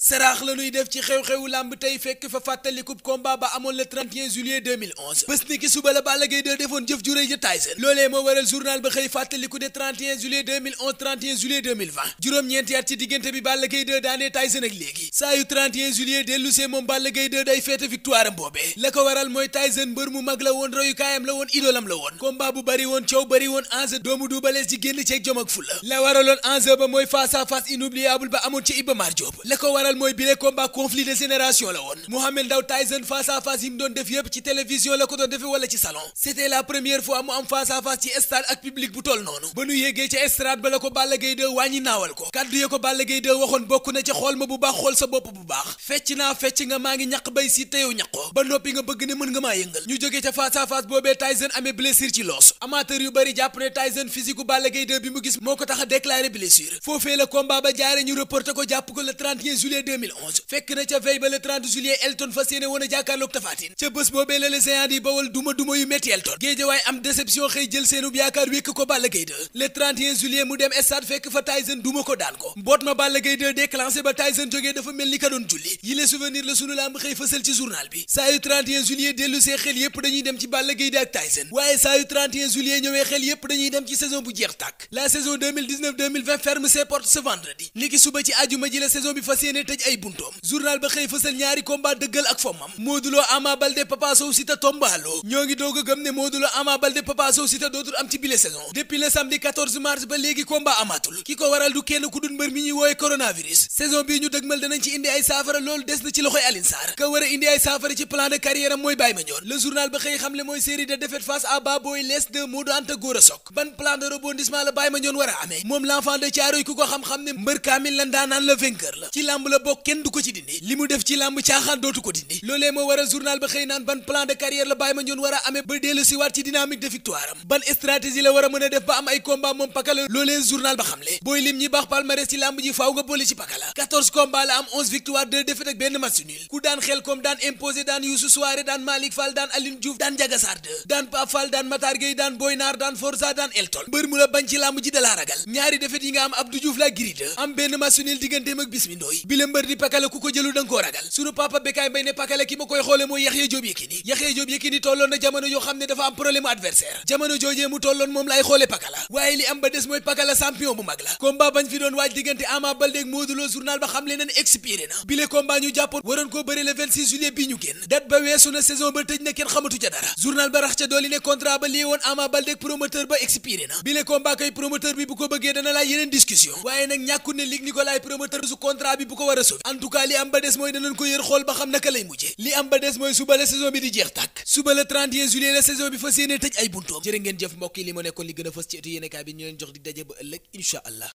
saraax la nuy def ci xew-xewu làmb tey fekk fa fàttalikub combat ba amoon le 31 juillet 2011 suba la Balla Gaye defoon jëf ju rëy juróom-ñeenti at ci diggante bi Balla Gaye daanee Tyson ak léegi saa yu 31 dellusee moom Balla Gaye 2 day victoire am la ko waral mooy Tyson mbër mu mag la woon royukaayam la woon idolam la woon combat bu bari woon coow bari woon enjeu doomu duubalees ji génn ceeg jom ak fulla la waraloon waral mooy bile combat conflit de génération la woon Mohamed Ndao Tyson face à face yi mu doon def yépp ci télévision la ko doon defee wala ci salon c'était la première fois mu am face à ci stade ak public bu toll noonu ba nu yéegee ca estrade ba la ko Balla Gaye 2 ko kàddu ya ko Balla Gaye waxoon bokk na ci xool ma bu baax xool sa bopp bu baax fecc naa fecc nga maa ngi ñaq bay si teyow ñaqoo ba noppi nga bëgg ne mën nga maa yëngal ñu jógee a juillet fekk na ca veille ba le 30 juillet Elton fas yéene woon a jàkkaarloog tafaatin ca bés boobee la le géant yi bawal duma duma yu metti Elton géejawaay am déception xëy jël seenub yaakaar wékk ko Balla Gaye 2 le 31 juillet mu dem stade fekk fa Tyson duma ko daan ko mboot ma Balla Gaye 2 déclenché ba Tyson jógee dafa mel ni ka doon julli yi souvenir la sunu lamb xëy fësal ci journal bi saa yu 31 juillet dellu see xel yépp dañuy dem ci tëj ay buntoom journal ba xëy fësal ñaari combat dëggal ak fommam Modou Lo Ama Papa Sow Siteu tombaalo ñoo ngi doog a gëm ne Modou Lo Ama Papa Sow Siteu dootul am ci bile saison depuis le samedi mars ba léegi combat amaatul ki ko waral du kenn ku dul mbër mi ñuy wooye coronavirus saison bii ñu dëgmal danañ ci indi ay saafara loolu des na ci loxoy Alioune ka war indi ay saafara ci plan de carrière am mooy Baye Mandione le journal ba xëy xamle wala boog kenn du ko ci dindi li mu def ci làmb caaxaan dootu ko dindi loolee moo waral journal ba xëy naan ban plan de carrière la Baye Mandione war a amee ba dellu waat ci dynamique de victoire ban stratégie la war mën a def ba am ay combat moom pakala loolee journal ba xamle booy lim ñi baax palmarès ci làmb ji faaw nga boole ci pakala 14 combats la am 11 victoire 2 défaites ak benn match ku daan xel comme daan imposé daan Youssou Souaré daan Malick mbër di pakala ku ko jëlu danga koo ragal sunu papa Bécaye Mbaye ne pakala ki ma koy xoole mooy Yaxya Jóob Yékini Yaxya Jóob Yékini tolloon na jamono yoo xam ne dafa am problème adversaire jamono joojee mu tolloon moom laay xoole pakala waaye li am ba des mooy pakala champion bu mag la combat bañ fi doon waaj diggante Ama Baldé ak journal ba xam le nan expiré na bile combat ñu jàppoon waroon koo bëre le 26 bi ñu génn date war a sauver li am ba des mooy danañ ko yër xool ba xam naka lay mujje li am ba des mooy suba la saison bi di jeex tàkk suba la 31 juillet la saison bi fas yéene tëj ay buntoom jërë ngeen jëf mbokk li mu nekkoon li gën a fës ci ëttu yéenekaay bi ñu leen jox di daje ba ëllëg incha allah